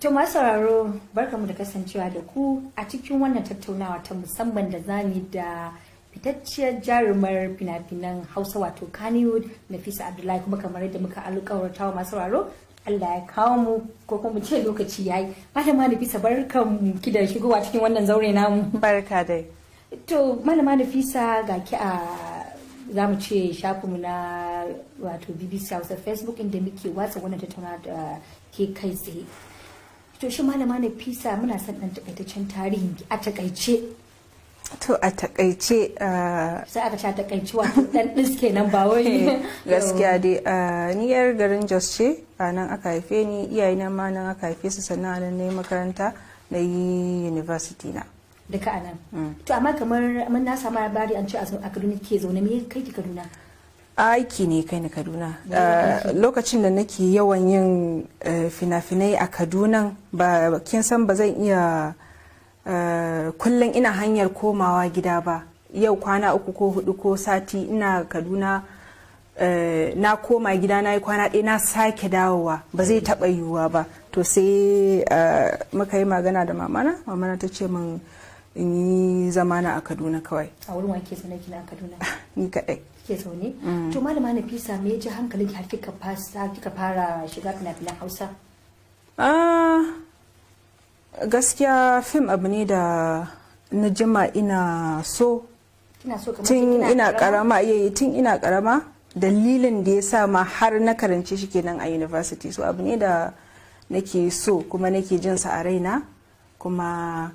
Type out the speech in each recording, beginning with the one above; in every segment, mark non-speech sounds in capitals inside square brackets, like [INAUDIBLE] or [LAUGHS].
To masu sauraro barkamu da kasancewa da ku a cikin wannan tattaunawa ta musamman da zamu da fitacciyar jarumar fina-finan Hausa wato Kannywood Nafisa Abdullahi kuma kamar yadda muka alƙawarta wa masu sauraro Allah ya kawo mu ko kuma ce lokaci ya yi malama Nafisa barkamu ki da shigowa cikin wannan zaure namu barka dai to malama Nafisa ga ki a za mu ce mu na wato bbc hausa facebook inda muke watsa wannan tattauna da ke kai tsaye to shi malama na fisa muna son dan takaitaccen tarihin a takaice to a takaice sai aka ce a takaice wato dan diske nan ba wai [LAUGHS] gaskiya dai ni yar garin jos ce a nan aka haife ni iyayen ma nan aka haife su sannan a nan na yi makaranta na yi university na duka a nan mm. to amma kamar mun na samu labari an ce a kaduna ke zaune me kai ki kaduna aiki ne kai ni kaduna eh, lokacin da nake yawan yin eh, fina-finai a kaduna ba kin san ba zan iya eh, kullum ina hanyar komawa gida ba yau kwana uku ko hudu ko sati ina kaduna na koma gida na yi kwana ɗaya na sake dawowa ba zai taɓa yiwuwa ba to sai muka yi magana da mamana mamana ta ce min in yi zamana a kaduna kawai a wurin wa ke zaune kina a kaduna [LAUGHS] ni kadai ke zaune mm. to malama nafisa me ya ji hankalin har kika fasa kika fara shiga fina-finan hausa ah, gaskiya fim abu ne da na jima ina so tun ina karama yayi tun ina karama dalilin da ya sa ma har na karance shi kenan a university so abu ne da nake so kuma nake jinsa a raina kuma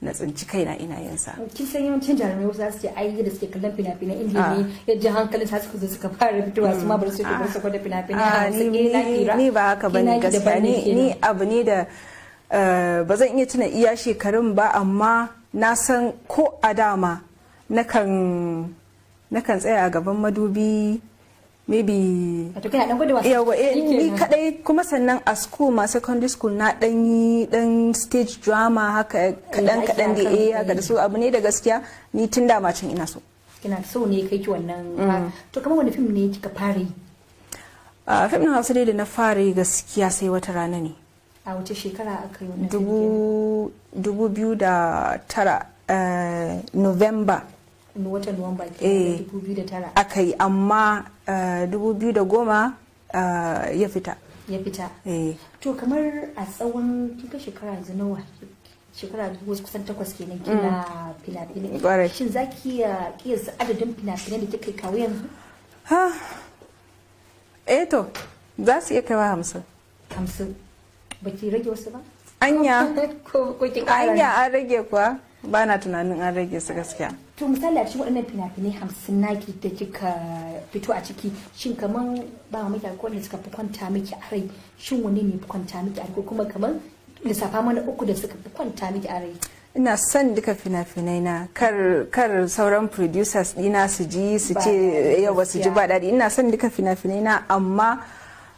na tsinci kaina ina yin sa kin san yawancin jarumai wasu zasu ce ai yadda suke kallon fina-finan indiya ah. ne yadda hankalin sa suka zo suka fara fitowa su ma bar su bar mm. su kwada fina-finan ah. eh, ni ba haka bane eh, gaskiya ni abu ne da eh, ba zan iya tuna iya shekarun ba amma na san ko a dama nakan tsaya a gaban madubi maybe wato yeah, well, yeah, ni kadai kuma sannan a school ma secondary school na dan yi dan stage drama haka kadan kadan da eh haka da so mm. abu ne da gaskiya ni tun da macin ina so kina so ne kai ki wannan mm. to kamar wani film ne kika fara yi a film na Hausa da na fara yi gaskiya sai wata rana ne a wace shekara aka yi wannan dubu biyu da tara eh, November watan nuwamba ke 2009 aka yi amma 2010 eh, eh, ya fita ya fita eh. to kamar a tsawon kika shekara yanzu nawa shekara dubu kusan takwas kenan mm. kina fina-finai shin za ki iya kiyasta adadin fina-finai da kika kawo yanzu ha eh to za su iya kawo hamsin hamsin ba ki rage wasu ba anya [LAUGHS] anya an rage kuwa ba na tunanin an rage su gaskiya to misali a cikin waɗannan fina-finai hamsin naki da kika fito a ciki shin kamar ba mu ko wanda suka fi kwanta miki a rai shin wani ne fi kwanta miki a rai ko kuma kamar lissafa mana uku da suka fi kwanta miki a rai ina son duka fina-finai na kar sauran producers dina su ji su ce yau ba su ji ba daɗi ina son duka fina-finai na amma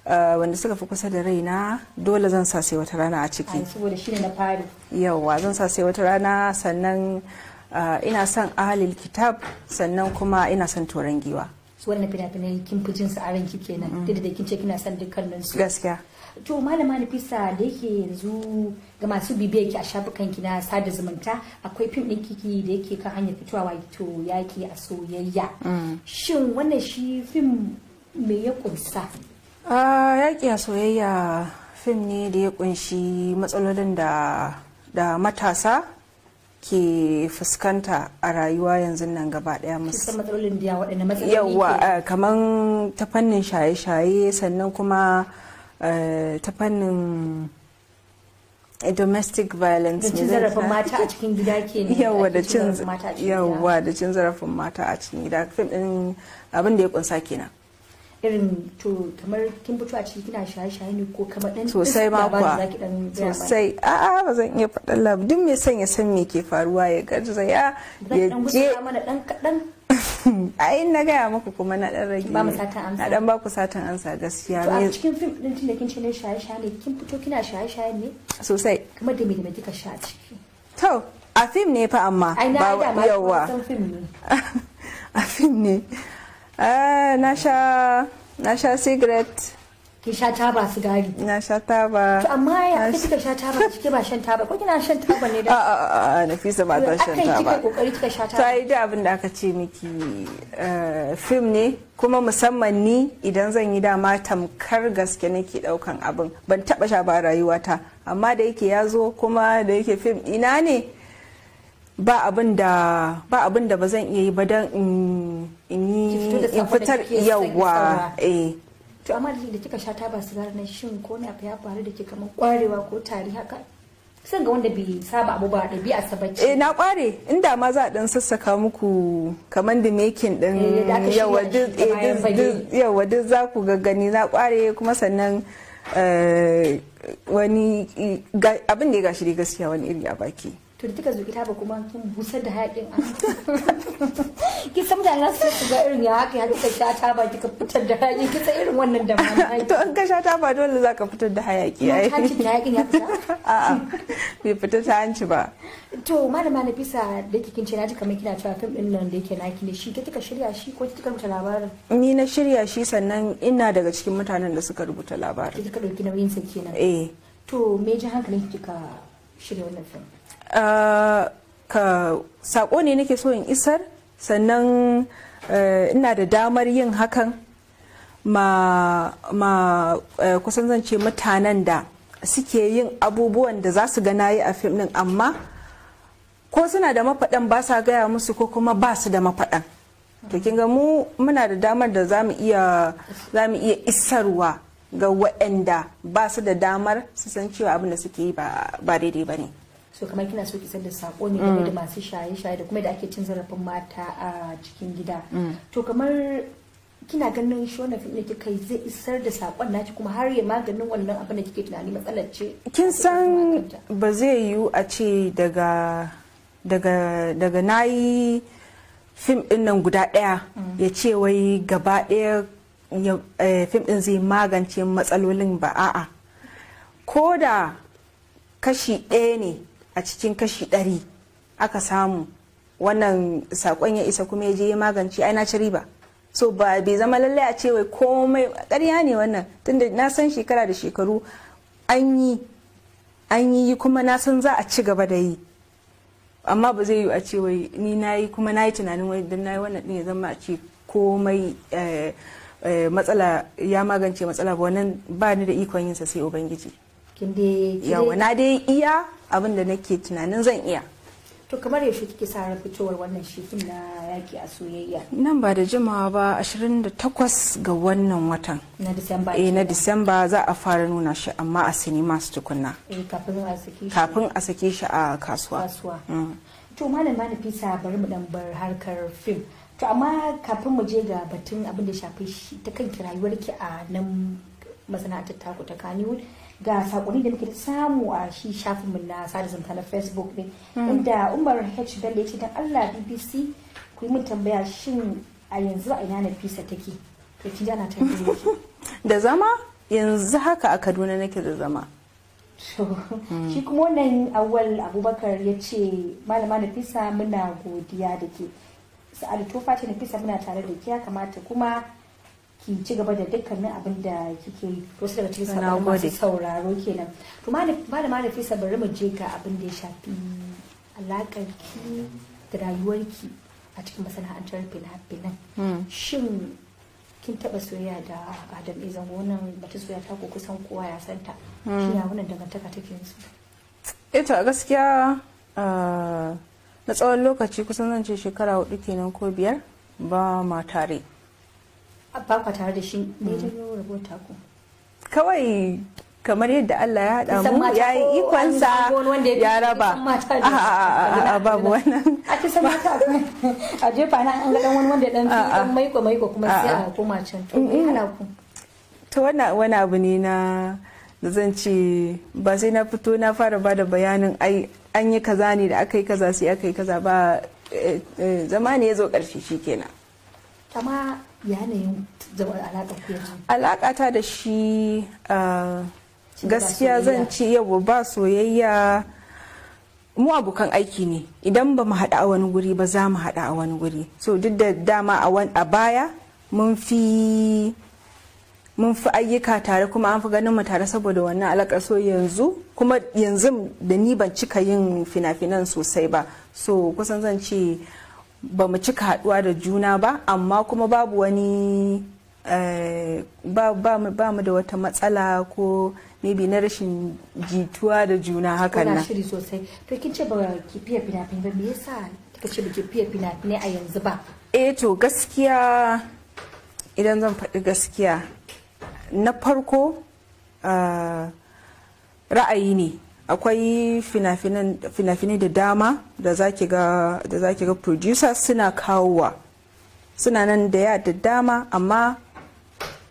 Eh, wanda suka fi kusa da raina dole zan sa sai wata rana a ciki saboda shi na fari yawa zan sa sai wata rana sannan eh, ina son ahalil kitab sannan kuma ina son turan giwa wannan fina-finai kin fi jin sa'arin ki kenan mm. duk da kin ce kina son dukkanin su gaskiya to malama nafisa da yake yanzu ga masu bibiyar ki a shafukan ki na sada zumunta akwai fim din kiki da yake kan hanyar fitowa wato yaki a soyayya mm. shin wannan shi fim me ya kunsa yaƙi a soyayya fim ne da ya kunshi matsalolin da matasa ke fuskanta a rayuwa yanzu nan gaba daya yawa eh, kamar ta fannin shaye-shaye sannan kuma eh, ta fannin eh, domestic violence da cin zarafin mata a cikin gida ke ne yawa da cin zarafin mata a cikin gida fim din abin da ya kunsa kenan irin to kamar kin fito a ciki kina shaye-shaye ne ko kamar dan sosai ba kuwa sosai a'a ba zan iya faɗan labu duk mai son ya san me ke faruwa ya garzaya ya je a [LAUGHS] in na gaya muku kuma na dan rage na dan baku satan ansa gaskiya ne a cikin fim din tunda kin ce ne shaye-shaye ne kin fito kina shaye-shaye ne sosai kamar da me da kika sha a ciki to a fim ne fa amma ba yawa [LAUGHS] a fim ne Ah, na sha na sha cigarette ki sha taba sigari na sha taba to amma ya kika sha taba kike ba shan taba ko kina shan taba ne da a a Nafisa ba ta shan taba akai kike kokari kika sha taba sai da abin da aka ce miki eh, film ne kuma musamman ni idan zan yi dama tamkar gaske nake daukan abin ban taba sha ba rayuwata amma da yake yazo kuma da yake film ina ne ba abin da ba zan iya yi ba don in fitar yawa eh. to amma da kika sha taba sigari na shin ko ne abu ya faru da ke kamar kwarewa ko tari haka san ga wanda bai saba abu ba da bi asabaci eh na kware inda ma za a dan sassaka muku kamar eh, da making din yawa duk za ku gaggani na kware kuma sannan eh, wani abin da ya gashi gaskiya wani iri a baki to da kika zo ki taba kuma kin busar da hayakin ki san da su su ga irin ya haka ya kika sha taba kika fitar da hayakin ki san irin wannan da mamaki to an ka sha taba dole za ka fitar da hayaki ai hancin hayakin ya fita a'a bai fita ta hanci ba to malama na fisa da kike kin ce naji kamar kina cewa fim din nan da yake naki ne shi ke kika shirya shi ko kika rubuta labarin ni na shirya shi sannan ina daga cikin mutanen da suka rubuta labarin kika dauki nauyin sa kenan eh to me ji hankalin kika shirya wannan fim Eh, ka sako ne nake so in isar sannan eh, ina da damar yin hakan ma, ma eh, kusan zance mutanen da suke yin abubuwan da za su gana yi a fim din amma ko suna da mafaɗan ba sa gaya musu ko kuma ba su da mafaɗan to kinga mu muna da damar da za mu iya isarwa ga waɗanda ba su da damar su san cewa abin da suke yi ba daidai ba ne so kamar kina so ki da sako ne game da mm. masu shaye shaye da kuma da ake cin zarafin mata a cikin gida mm. to kamar kina ganin shi wannan fim da kika zai isar da sakon naki kuma har ya maganin wannan abin da kike tunani matsalar ce kin san ba zai yiwu a ce daga daga daga nayi fim din nan guda daya mm. ya ce wai gaba daya eh, fim din zai magance matsalolin ba a'a ko da kashi ɗaya ne a cikin kashi ɗari aka samu wannan sakon ya isa kuma ya je ya magance ai na ci riba so ba bai zama lallai a ce wai komai ƙarya ne wannan tunda na san shekara da shekaru an yi an yi kuma na san za a ci gaba da yi amma ba zai yi a ce wai ni na yi kuma na yi tunanin wai don na yi wannan ɗin ya zama a ce komai eh, eh, matsala ya magance matsala ba wannan ba ni da ikon yinsa sai ubangiji yawa na dai iya abin da nake tunanin zan iya to kamar yaushe kike sa ran fitowar wannan shirin na yaki a soyayya nan ba da jimawa ba 28 ga wannan watan na disamba eh na disamba za a fara nuna shi amma a sinima su tukunna eh, kafin a sake shi a kasuwa mm. to malam na fisa bari mu dan bar harkar fim to amma kafin mu je ga batun abin da shafi shi ta kanki rayuwarki a nan masana'antar taku ta Kannywood ga sakonni da muke samu a shi shafinmu na sada zumunta na facebook ne mm. inda umar h bello ya ce don allah bbc ku yi mun tambaya shin a yanzu a ina nafisa take ta ci jana ta da zama yanzu haka a kaduna nake da zama mm. shi kuma wannan awal abubakar ya ce malama nafisa muna godiya da ke sa'adu tofa ce nafisa muna tare da ke ya kamata kuma ki ci gaba da dukkanin abin da kike wasu daga cikin sabon masu sauraro kenan to malama da fisa bari mu je ga abin da ya shafi alakar ki da rayuwarki a cikin masana'antar fina hmm. shin kin taba soyayya da adam izan wannan bata soyayya ta ko kusan kowa ya santa hmm. shi ya wannan dangantaka take su ita eh gaskiya ah, na tsawon lokaci kusan zan ce shekara hudu kenan ko biyar ba ma tare ba tare da shi ne mm. janyo rabota ku kawai kamar yadda Allah ya haɗa mu ya yi ikonsa ya raba a babu wannan a ta kai a jefa na an ga wani wanda dan dan maiko maiko kuma sai a koma can to na ku to wannan wani abu ne na da zan ce ba sai na fito na fara ba da bayanin ai an yi kaza ne da aka yi kaza sai aka yi kaza ba eh, eh, zama ne ya zo ƙarshe shikenan kama yanayin alaƙa ku alaƙa ta da shi gaskiya zan ci yau ba soyayya mu abokan aiki ne idan ba mu haɗa a wani guri ba za mu haɗa a wani guri so duk da dama a baya mun fi ayyuka tare kuma an fi ganin mu tare saboda wannan alakar so yanzu kuma yanzu da ni ban cika yin fina-finan sosai ba so kusan zan ce ba mu cika haduwa da juna ba amma kuma babu wani eh, ba mu da wata matsala ko maybe na rashin jituwa da juna hakan na shiri sosai to kin ce ba ki fiye fina-finai ba me yasa kika ce ba ki fiye fina-finai a yanzu ba. eh to gaskiya idan zan faɗi gaskiya na farko ah, ra'ayi ne akwai fina-finai da dama da za ga ga producers suna kawowa suna nan da ya da dama amma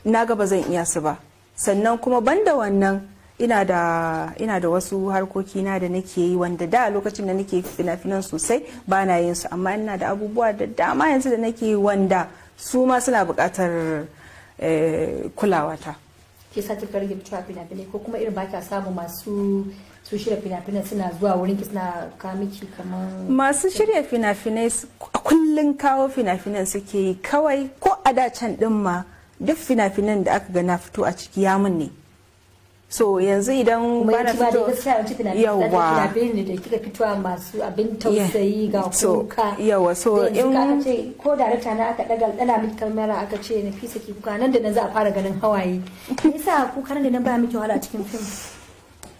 na ga ba zan iya su ba sannan kuma banda wannan ina da wasu harkoki na da nake yi wanda da lokacin da nake fina-finan sosai ba na yin su amma ina da abubuwa da dama yanzu da nake yi wanda su ma suna buƙatar eh, kulawata. Ke sa kika rage fina-finai ko kuma irin baka samu masu su shirya fina finai suna zuwa wurin ki suna kamiki kamar masu shirya fina-finai kullum kawo fina-finan suke yi kawai ko a dacan din ma duk fina-finan da aka gana fito a ciki ya mun ne so yanzu idan ba na fito yawa da kika fitowa masu abin tausayi ga kuka yawa so in ce ko darakta na aka daga dala miki kamera aka ce na fisa ki kuka nan da nan za a fara ganin hawaye me yasa kuka nan da nan ba miki wahala a cikin fim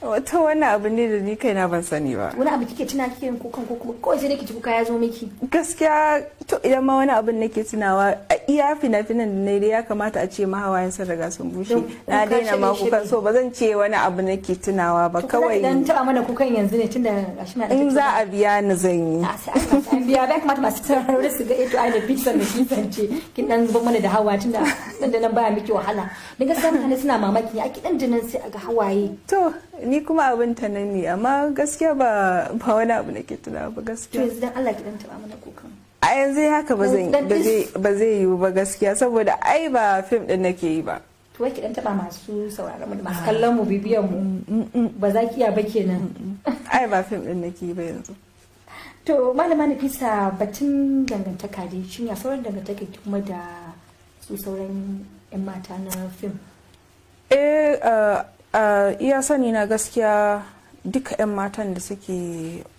wato wannan abu ne da ni kaina ban sani ba wani abu kike tuna kike kukan ko kuma kawai sai dai kici kuka ya zo miki gaskiya to idan ma wani abin nake tunawa a iya fina-finan da na ya kamata a ce mahawayen sun riga sun bushe na daina ma kukan so ba zan ce wani abu nake tunawa ba kawai idan taba mana kukan yanzu ne tunda gashi na in za a biya ni zan yi ah, an biya ba kamata masu tsararru su ga ito ai da pizza da kifance kin dan zuba mana da hawa tunda dan da nan baya miki wahala da gaskiya mutane suna mamaki a kidan dinan sai a ga hawaye to ni kuma abin ta nan ne amma gaskiya ba ba wani abu nake tuna ba gaskiya to yanzu Allah ki dan taba mana kokan a yanzu haka ba zan ba zai yiwu ba gaskiya saboda ai ba fim din nake yi ba to wai ki dan taba masu sauraron mu masu kallon mu bibiyan mu ba za ki iya ba kenan ai ba fim din nake yi ba yanzu to malama fisa batun dangantaka dai shin ya sauran dangantaka kuma da su sauran 'yan mata na fim eh uh, Eh, iya sani na gaskiya duka 'yan matan da suke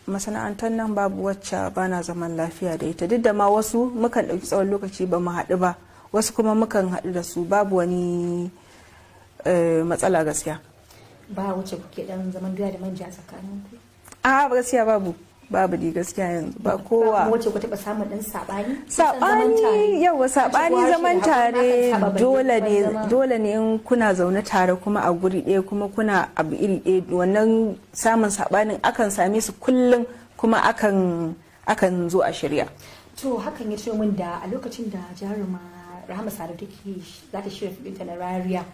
masana'antar nan babu wacce ba na zaman lafiya da ita duk da ma wasu mukan ɗauki tsawon lokaci ba mu haɗu ba wasu kuma mukan haɗu da su babu wani eh, matsala gaskiya ba wuce kuke dan zaman doya da manja tsakanin ku a gaskiya babu babu di gaskiya yanzu ba kowa wace ku taba samun din sabani sabani yawa sabani zaman tare dole ne dole ne in kuna zaune tare kuma a guri ɗaya kuma kuna abu iri ɗaya wannan samun sabanin akan same su kullum kuma akan akan zo a shirya to hakan ya ce min da a lokacin da jaruma rahama sadu take za ta shirya fitinta na rariya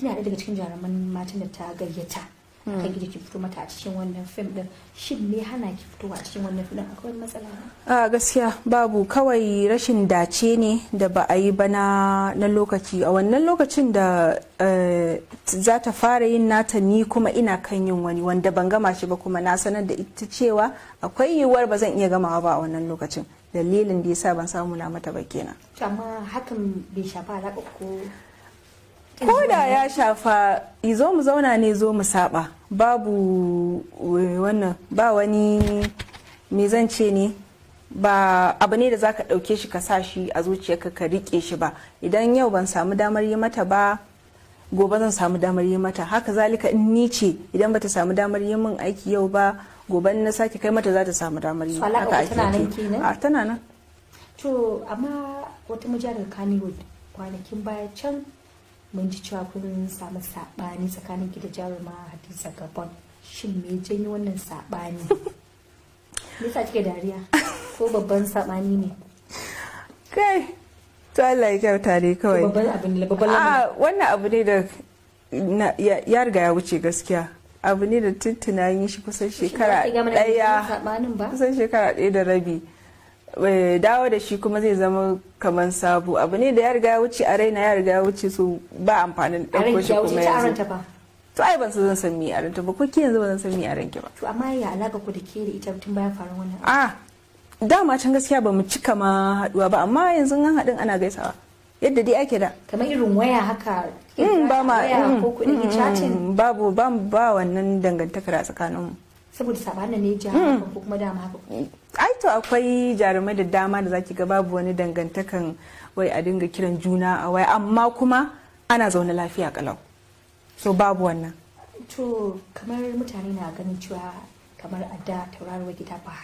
kina da daga cikin jaruman matan da ta gayyata Hmm. Kan gida ki fito mata a cikin wannan fim din shin me hana ki fitowa a cikin wannan fim din akwai matsala a gaskiya babu kawai rashin dace ne da ba a yi ba na lokaci a wannan lokacin da eh, za ta fara yin nata ni kuma ina kan yin wani wanda ban gama shi ba kuma na sanar da ita cewa akwai yiwuwar ba zan iya gamawa ba a wannan lokacin dalilin da yasa ban samu na mata ba kenan amma hakan bai shafa alaƙa ko ko da ya shafa zo mu zauna ne zo mu saba babu eh, wannan ba wani me zan ce ne ba abu ne da za ka ɗauke shi ka sa shi a zuciyarka ka riƙe shi ba idan yau ban samu damar yi mata ba gobe zan samu damar yi mata haka zalika in ni ce idan bata samu damar yi min aiki yau ba gobe na sake kai mata za ta samu damar yi haka ake a tana nan to amma wata mujallar kanewood kwanakin baya can mun ji cewa kun samu saɓani tsakanin ki da jaruma hadisa gabon shin me janyi wannan saɓani [LAUGHS] me yasa kike dariya ko babban saɓani ne kai to Allah ya kyauta ne kawai babban ne babban ah, wannan abu ne da ya riga ya wuce gaskiya abu ne da tuntuna yin shi kusan shekara ɗaya kusan shekara ɗaya da rabi Eh, dawo da shi kuma zai zama kamar sabu abu ne da ya riga wuce a raina ya riga wuce su ba amfanin ɗauko shi kuma yanzu to ai ban zan san mi aranta ba ko ke yanzu ba zan san mi aranki ba to amma ya alaka ku da ke da ita tun bayan faruwar wannan a ah, dama can gaskiya ba mu cika ma haduwa ba amma yanzu an hadin ana gaisawa yadda dai ake da kamar irin waya haka mm, ba ma ko kuɗin mm, mm, chatting babu ba ba wannan dangantakar a tsakaninmu saboda sabanin ne ja hmm. ko kuma dama haka ai to akwai jarumai da dama da zaki ga babu wani dangantakan wai a dinga kiran juna a wai amma kuma ana zaune lafiya kalau so babu wannan to kamar mutane na ganin cewa kamar a da tauraruwar gida ba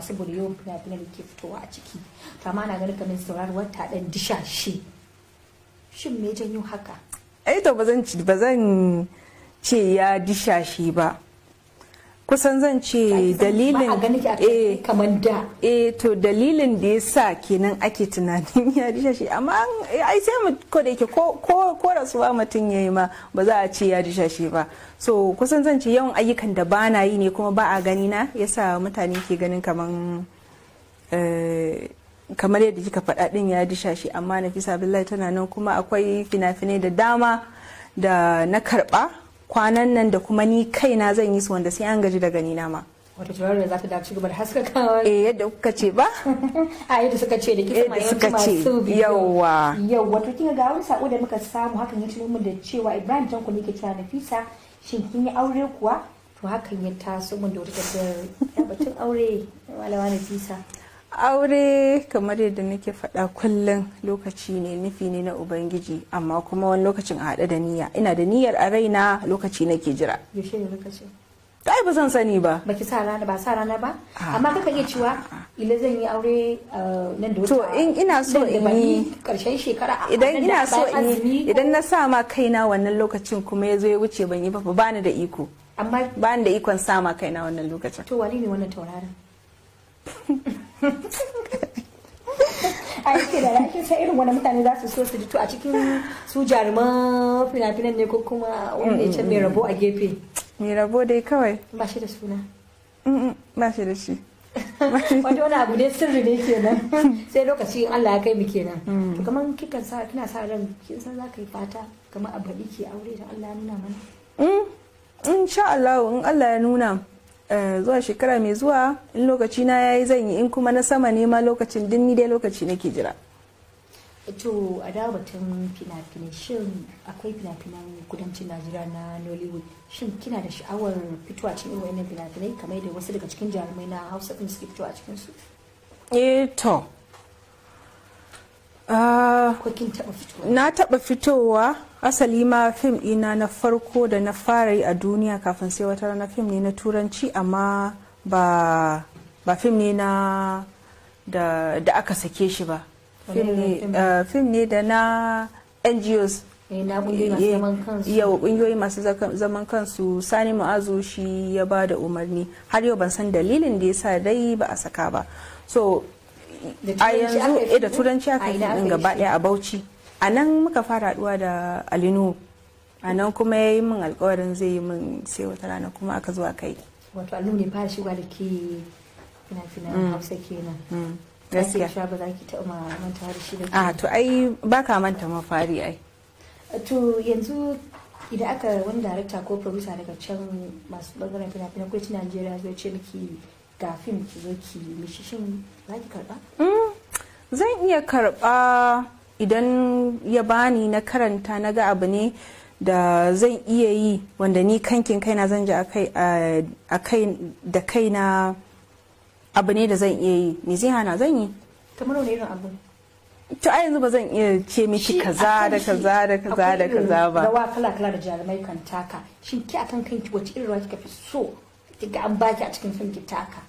saboda yawan fina-finan da ke fitowa a ciki to amma na ganin kamar tauraruwar ta dan dishashe shin me janyo haka ai eh to ba zan ce ya dishashe ba kusan zan ce dalilin eh, da eh, to dalilin da ya sa kenan ake tunanin [LAUGHS] ya disha shi amma eh, ai sai mu ko da yake ko ko rasuwa mutum yayi ma ba za a ce ya disha shi ba so kusan zan ce yawan ayyukan da ba na yi ne kuma ba a gani na yasa mutane ke ganin kaman kamar yadda kika faɗa din ya disha shi amma nafisa billahi tana nan kuma akwai fina-finai da dama da na karɓa kwanan nan da kuma ni kaina zan yi su wanda sai an gaji daga ni na ma wata turar da za ta dace gaba da kawai. eh yadda kuka ce ba [LAUGHS] a yadda suka ce da kisa mai yanzu masu biyu Yawwa. Yawwa to kinga ga wani sako da muka samu hakan ya tuno mu da cewa Ibrahim Tanko ne ke cewa Nafisa shin kin yi aure kuwa to hakan ya taso mun da wata batun aure malama Nafisa aure kamar yadda nake faɗa kullum lokaci ne nufi ne na ubangiji amma kuma wani lokacin a haɗe da niyya ina da niyyar a raina lokaci nake jira Ta yi ai ba zan sani ba baki sa rana ba sa rana ba ah. amma kaka iya cewa ila zan yi aure ah, nan da wata to in ina so in yi karshen shekara idan ina so in yi idan na sa ma kaina wannan lokacin kuma ya zo ya wuce ban yi ba ba ni da iko amma ba ni da ikon sa ma kaina wannan lokacin to wani ne wannan tauraron [LAUGHS] a yake da rakin sa irin wani mutane za su so su ji a cikin su jaruman fina-finan ne ko kuma wanda ya ce mai rabo a gefe mai rabo dai kawai ba shi da suna ba shi da shi [LAUGHS] wanda wani abu dai sirri ne kenan [LAUGHS] sai lokaci Allah ya kai mu kenan mm. to kamar kika sa kina sa ran kin san za ka yi fata kamar a baɗi ke aure da Allah ya nuna mana mm, in sha Allah in Allah ya nuna Eh, zuwa shekara mai zuwa in lokaci na yayi zan yi in kuma na sama ne ma lokacin dinni dai lokaci nake jira to a da batun fina-finai shin akwai fina-finan kudancin najeriya na nollywood shin kina da sha'awar fitowa cikin irin wannan fina-finai kamar da wasu daga cikin jarumai na hausa din suke fitowa cikin su eh to Ah, na taɓa fitowa asali ma fim ɗina na farko da na fara yi a duniya kafin sai wata rana fim ne na turanci amma ba ba fim ne na da, da aka sake shi ba eh, fim ne da na ngos yawa eh, kungiyoyi masu eh, zaman kansu sani ma'azu shi ya ba da umarni har yau ban san dalilin da ya sa dai ba a saka ba so a yanzu eh, da turanci aka yi din gaba daya a bauchi a nan muka fara haduwa da alinu a nan kuma ya yi min alkawarin zai yi min sai wata rana kuma aka zuwa kai wato alinu ne fara shiga da ke fina-finan mm. hausa kenan mm. gaskiya sha ba za ki taɓa manta da shi da a ah, to ai ba ka manta fari ai to yanzu idan aka wani darakta ko producer daga can masu bangaren fina-finan ko ci najeriya zai ce miki ki zo ki mishi shin za ki karba mm, zan iya karba idan ya bani na karanta na ga abu ne da zan iya yi wanda ni kankin kaina zan ji a kai da kaina abu ne da zan iya yi ne zai hana zan yi ta irin abu to a yanzu ba zan iya ce miki kaza da kaza da kaza da kaza ba rawa kala kala da jarumai kan taka shin ki akan kanki wace irin rawa kika fi so ga an baki a cikin fim ki taka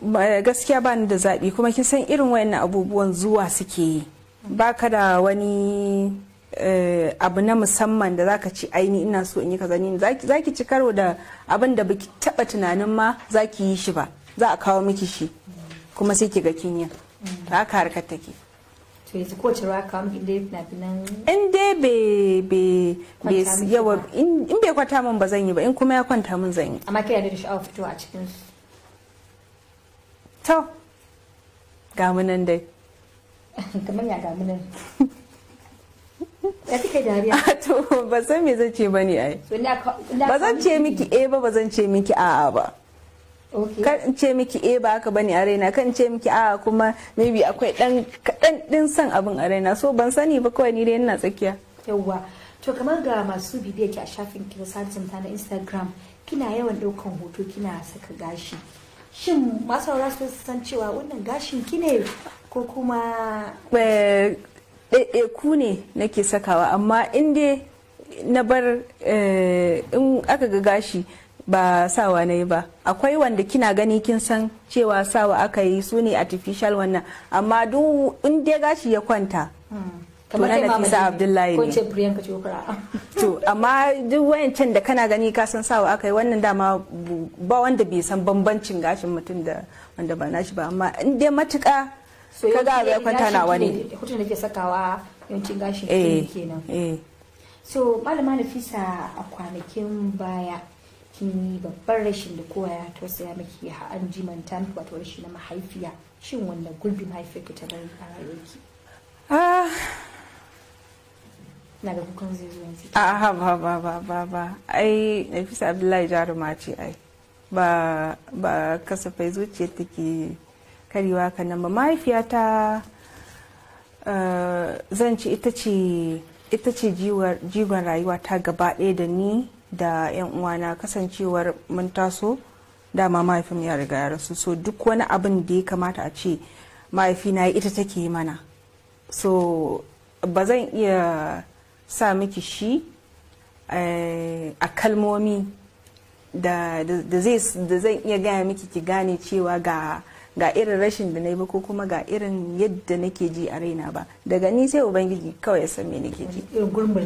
gaskiya ba ni da zaɓi kuma kin san irin wayannan abubuwan zuwa suke yi ka da wani eh, abu na musamman da zaka ci aini ina so in yi kaza ni zaki ci karo da abin da baki taba tunanin ma zaki yi shi ba za a kawo miki shi kuma sai ki ga yi ta haka harkar take to in dai yawa in bai kwanta min ba zan yi ba in kuma ya kwanta min zan yi amma kai da sha'awar fitowa a cikin su to ga nan dai [LAUGHS] kamar ya gamunan. Ya fi kai dariya [LAUGHS] to ba san me zan ce bane ai ba zan ce miki eh ba ba zan ce miki a'a ba kan in ce miki eh ba haka bane a raina kan in ce miki a'a kuma maybe akwai dan kaɗan ɗin son abin a raina so ban sani ba kawai ni dai ina tsakiya yawwa to kamar ga masu bibiyar ki a shafin ki na Instagram kina yawan ɗaukan hoto kina saka gashi shin masaura su san cewa wannan gashin ki ne ko kuma eh, eh, eh, ku ne nake sakawa amma in dai na bar in aka ga gashi ba sawa na yi ba akwai wanda kina gani kin san cewa sawa aka yi su ne artificial wannan amma duk in dai gashi ya kwanta hmm. kamar Nafisa Abdullahi ne. Ko Priyanka Chopra. [LAUGHS] To amma duk wayancan da kana gani ka san sawa aka yi wannan dama ba wanda bai san bambancin gashin mutum da wanda ba nashi ba amma in dai matuka ka ga ya kwanta na wani. Hutun da ke sakawa yawancin gashin eh, kenan. Eh. So malama Nafisa a kwanakin baya kin yi babban rashin da kowa ya tausaya miki har an manta wato rashin na mahaifiya shin wanda gulbin mahaifiyarki ta bari a rayuwarki. Ah, na da kukan zai zuwa ciki a ah, ba ba ba ba ba ai nafisa abdullahi jaruma ce ai ba ba kasafai zuciya take karewa ka nan ba mahaifiyata eh, zan ci ita ce ita ce jigon rayuwa ta gaba ɗaya da ni da 'yan uwana kasancewar mun taso dama mahaifin ya riga ya rasu so duk wani abin da ya kamata a ce mahaifina ita take mana so ba zan iya sa miki shi eh, a kalmomi da zai iya gaya miki ki gane cewa ga ga irin rashin da na yi ba ko kuma ga irin yadda nake ji a raina ba daga ni sai ubangiji kawai ya san me nake ji irin gurbi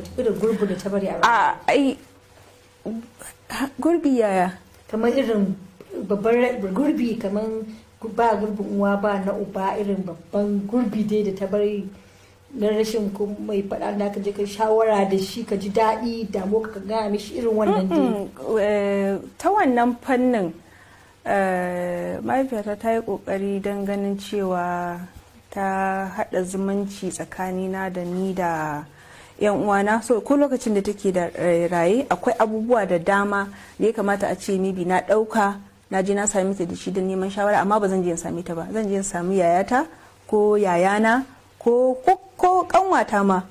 da ta bari a a ah, ai gurbi yaya kamar irin babban gurbi kamar ba gurbin uwa ba na uba irin babban gurbi dai da ta bari na rashin mai faɗa da ka je ka shawara da shi ka ji daɗi damu ka gaya mishi irin wannan eh, ta wannan fannin eh, mahaifiyata ta yi ƙoƙari don ganin cewa ta haɗa zumunci tsakanina da ni da yan uwana so ko lokacin da take da eh, raye akwai abubuwa da dama da ya kamata a ce mibi na ɗauka na je na sami ta da shi don neman shawara amma ba zan je in sami ta ba zan je in sami yayata ko yayana ko ko kanwata ma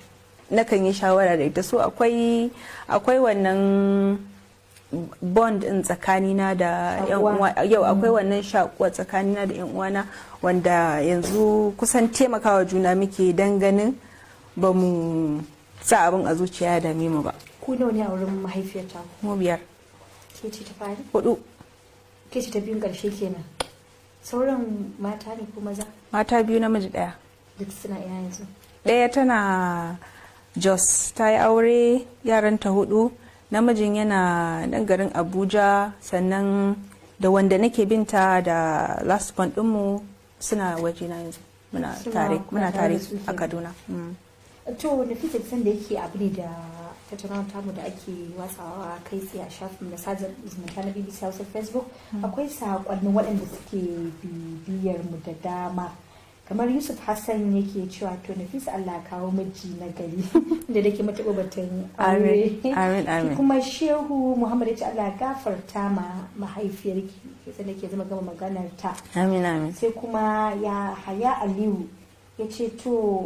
nakan yi shawara da ita so akwai akwai wannan bond in tsakanina da yau mm. akwai wannan shakuwa tsakanina da yan uwana wanda yanzu kusan taimakawa juna muke dan ganin ba mu sa abin a zuciya da mu ba ku nawa ne a wurin mahaifiyarta mu biyar ke ce ta fari hudu ke ce ta biyun karshe kenan sauran mata ne ko maza mata biyu namiji daya duk suna yanzu ɗaya tana jos ta yi aure yaranta hudu namijin yana nan garin abuja sannan da wanda nake binta da last point dinmu suna waje na yanzu muna tare a kaduna mm. to da fi tafi da yake abu ne da tattaunawar tamu da ake watsawa kai tsaye a shafin na sajar zumunta na bbc house facebook mm. akwai sakonnin waɗanda suke bibiyar mu da dama kamar yusuf hassan yake cewa to nafisa allah kawo miji na gari [LAUGHS] da dake mataɓa batun aure kuma shehu muhammad ya ce allah gafarta ma mahaifiyarki yasa da ke zama gama maganar ta sai kuma ya haya aliyu ya ce to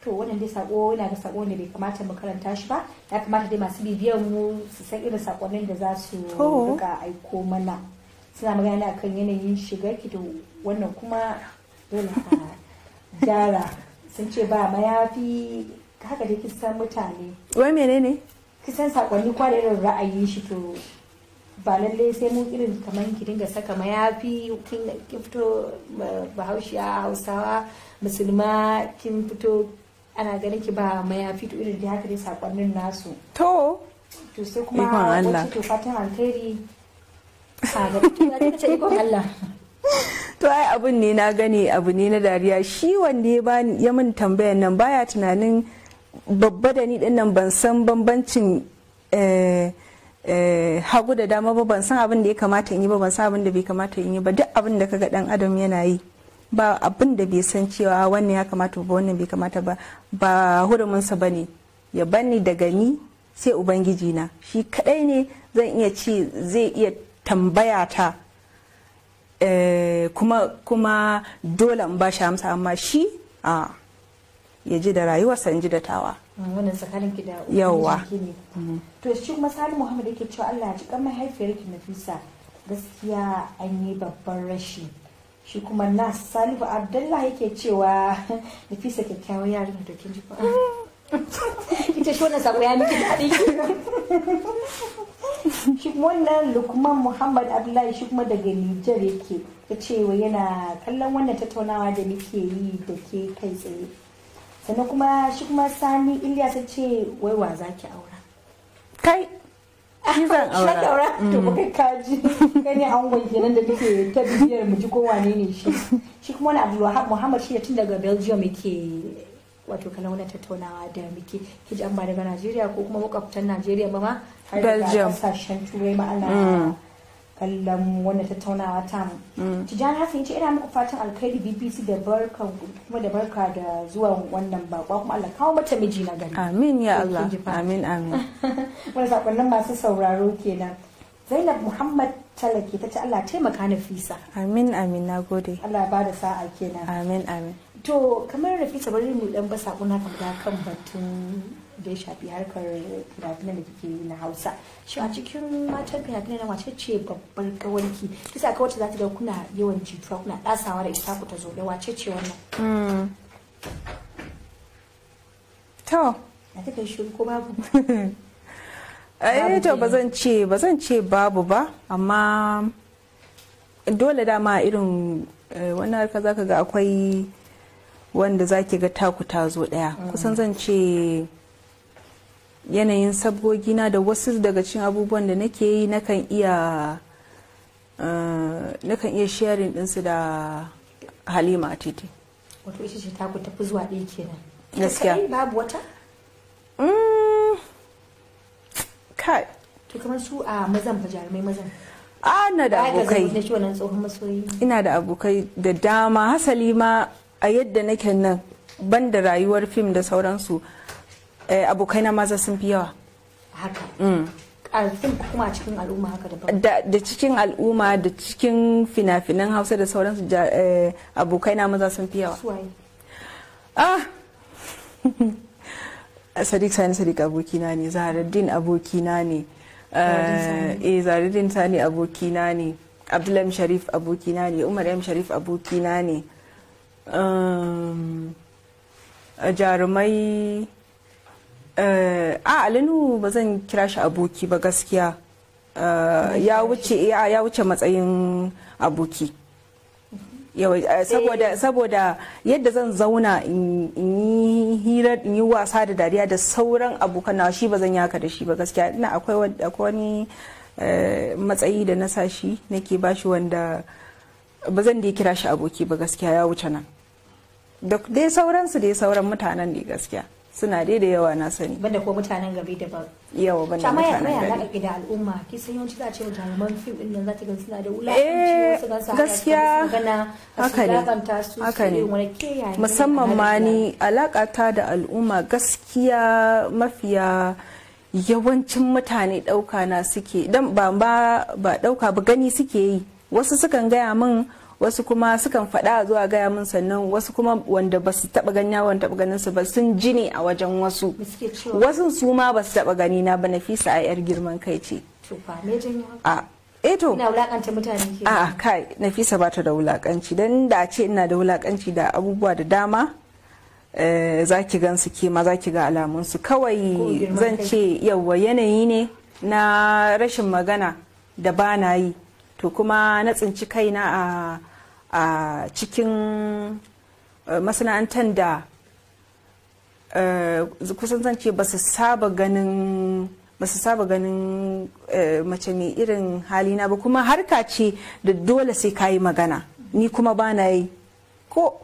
to wannan dai sako yana da sako ne bai kamata mu karanta shi ba ya kamata dai masu bibiyan mu su san irin sakonnin da za su ga aiko mana suna magana akan yanayin shigar ki to wannan kuma dole ka gyara sun ce ba mayafi haka da kisan mutane wai menene kisan sakonni kwa da ra'ayi shi to ba lalle sai mun irin kamar ki dinga saka mayafi kin fito bahaushiya hausawa musulma kin fito ana ganin ki ba mayafi to irin da haka dai sakonnin nasu to to sai kuma wacce to fatan alkhairi ga ikon Allah to ai abun ne na gani abu ne na dariya shi wanda ya ya min tambayan nan baya tunanin babba da ni din nan ban san bambancin eh, eh, hagu da dama ba ban san abin da ya kamata in yi ba ban san abin da bai kamata in yi ba duk abin da kaga dan adam yana yi ba abin da bai san cewa ah, wannan ya kamata ba wannan bai kamata ba ba hurumin sa bane ya bani daga ni sai ubangiji na shi kadai ne zan iya ce zai iya tambaya ta Eh, kuma kuma dole in ba shi amsa amma shi a ya ji da rayuwarsa san ji da tawa mm, wannan tsakanin ki da yawa mm-hmm. to shi kuma Sani Muhammad yake cewa Allah ya ji kan mahaifiyar ki Nafisa gaskiya an yi babban rashi shi kuma na salifu Abdullahi yake cewa [LAUGHS] Nafisa kyakkyawar yarin da kin ji ba [LAUGHS] ita shi wannan sako ya miki daɗi [LAUGHS] shi wannan lukman muhammad abdullahi shi kuma daga nijar yake ya cewa yana kallon wannan tattaunawa da muke yi da ke kai tsaye sannan kuma shi kuma sani iliya ta ce wai wa za ki aura kai shi zan [LAUGHS] aura to mm. kai kaji gani an wanke nan da take ta bibiyar mu ji ko wane ne shi shi kuma wani abdullahi muhammad shi ya tun daga belgium yake wato kana wani tattaunawa da muke hijab ba daga Najeriya ko kuma makwabtan Najeriya ba ma har da kasashen turai ma Allah mm. kallon wannan tattaunawa ta mu. Mm. Tijjani Hassan ce ina muku fatan alkhairi BBC da barka kuma da barka da zuwa wannan bakwa kuma Allah kawo mata miji na gani. Amin ya Allah. Amin amin. [LAUGHS] Wani sakonnin masu sauraro kenan. Zainab Muhammad Talake ta ce Allah taimaka na fisa. Amin amin na gode. Allah ba da sa'a kenan. Amin amin. to kamar Rafi bari mu dan basa kuna da kan batun da ya shafi harkar fina-finan da kike yi na hausa shi a cikin matan fina-finan na wace ce babbar kawarki kisa ka wacce za ta ga kuna yawan jituwa kuna dasawa da ita ku ta zo da wace ce wannan hmm. to a ta kai ko babu [LAUGHS] eh to ba zan ce ba zan ce babu ba amma dole dama irin eh, wannan harka zaka ga akwai wanda za ki ga taku ta zo daya mm. kusan zan ce yanayin sabgogina da wasu daga cikin abubuwan da nake yi nakan iya eh, nakan iya sharing dinsu da halima a titi wato ishe ce taku tafi zuwa ɗaya kenan gaskiya babu wata mm. kai to kamar su a ah, mazan ba jarumai mazan ana ah, da abokai ina da abokai da dama hasali ma a yadda nake nan ban da rayuwar fim da sauransu eh, abokai na maza sun fi yawa mm. kuma a cikin al'umma haka da da cikin al'umma da cikin fina-finan hausa da sauransu eh, abokai na maza sun fi yawa ah! [LAUGHS] sadiq sani sadiq abokina ne zaharaddin abokina ne eh, eh zaharaddin sani abokina ne abdullahi sharif abokina ne umar yam sharif abokina ne jarumai eh, a alinu ba zan kira shi aboki ba gaskiya eh, ya wuce matsayin aboki eh, saboda yadda zan zauna in yi wasa da dariya da sauran abokan na shi ba zan yaka da shi ba gaskiya ina akwai wani matsayi da na nake bashi wanda ba zan da kira shi aboki ba gaskiya ya wuce nan da dai sauransu dai sauran mutanen ne gaskiya suna dai da yawa na sani banda ko mutanen gari da ba yawa banda mutanen gari amma ya da al'umma ki san yawanci za a ce eh, gaskiya haka ne haka ne musamman ma ni ta da al'umma gaskiya mafiya yawancin mutane ɗauka na suke dan ba ba ɗauka ba gani suke yi wasu sukan gaya min wasu kuma sukan faɗa zuwa gaya mun sannan wasu kuma wanda ba su taɓa gani yawon taɓa ganin su ba sun ji ne a wajen wasu wasu su ma ba su taɓa gani na ba nafisa a yar girman kai ce a eto eh ina wulakanta a kai fisa ba ta da wulakanci dan da a ce ina da wulakanci da abubuwa da dama eh, za ki gan su ke ma za ki ga alamun su kawai zan ce yawa yanayi ne na rashin magana da ba na yi to kuma na tsinci kaina a a cikin eh, masana'antar da eh, kusan zance ba su saba ganin eh, mace mai irin hali na ba kuma harka ce da dole sai kayi magana ni kuma ba na yi ko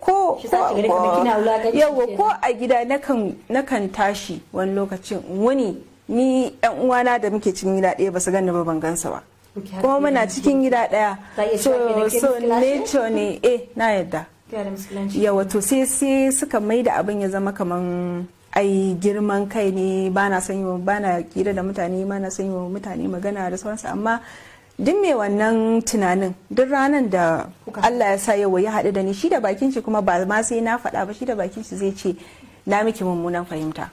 a gida nakan tashi wani lokacin wani ni yan uwana da muke cin gida ɗaya ba su gani ba ban gansa ba kuma muna cikin gida daya so so nature ne eh na yadda ya wato sai sai suka maida abin ya zama kaman ai girman kai ne ba na san yi ba na kira da mutane ba na san yi mutane magana da sauransu amma duk mai wannan tunanin duk ranar da Allah ya sa yawa ya haɗu da ni shi da bakin shi kuma ba ma sai na faɗa ba shi da bakin shi zai ce na miki mummunan fahimta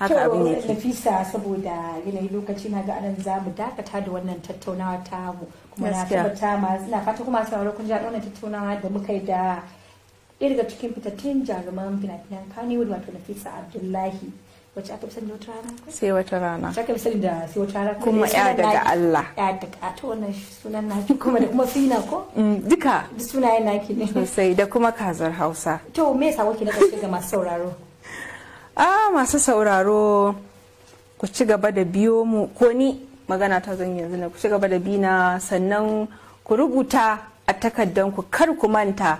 haka abin yake fisa saboda yanayi lokaci na ga anan za mu dakata da wannan tattaunawa ta mu kuma na tabbata ma ina fata kuma sauraro kun ji wannan tattaunawa da muka yi da irga cikin fitattun jaruman fina-finan kanewood wato fisa abdullahi wacce aka sani wata rana sai wata rana sai aka sani da sai wata rana kuma ya daga Allah ya daga to wannan sunan naki kuma da kuma fina ko mm, duka sunayen naki ne sosai da kuma kazar Hausa to me yasa wake na karshe ga masu sauraro a ah, masu sauraro ku ci gaba da biyo mu ko ni magana ta zan yanzu na ku ci gaba da bina sannan ku rubuta a takardan ku kar ku manta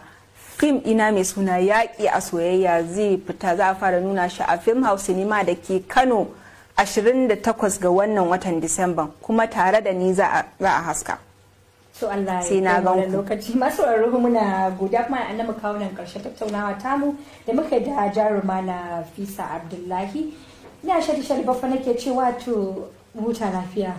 fim ina mai suna yaƙi a soyayya zai fita za a fara nuna shi a fim house cinema da ke kano 28 ga wannan watan disamban kuma tare da ni za a haska to Allah ya na ga lokaci masu ruhu muna godiya kuma an nama kawo nan karshe tattaunawa tamu da muka da jaruma na Fisa Abdullahi ina shari shari bafa nake cewa to huta lafiya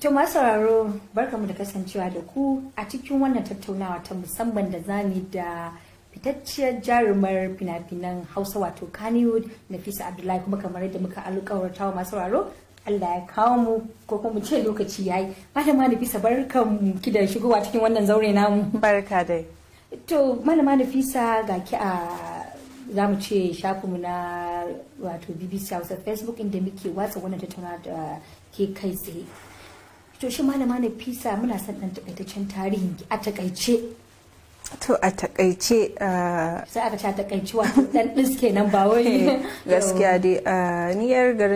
To masu sauraro barkamu da kasancewa da ku a cikin wannan tattaunawa ta musamman da zamu da fitacciyar jarumar fina-finan hausa wato kannywood nafisa abdullahi kuma kamar yadda muka alƙawarta wa masu raro Allah ya kawo mu ko kuma ce lokaci ya yi malama nafisa barkan ki da shigowa cikin wannan zaure namu barka dai to malama nafisa ga ki a za mu ce mu na wato bbc hausa facebook inda muke watsa wannan tattauna da ke kai tsaye to shi malama nafisa muna son ɗan takaitaccen tarihin a takaice to a takaice sai aka ce a wa wato dan diske nan ba wai [LAUGHS] gaskiya dai uh, niyar garin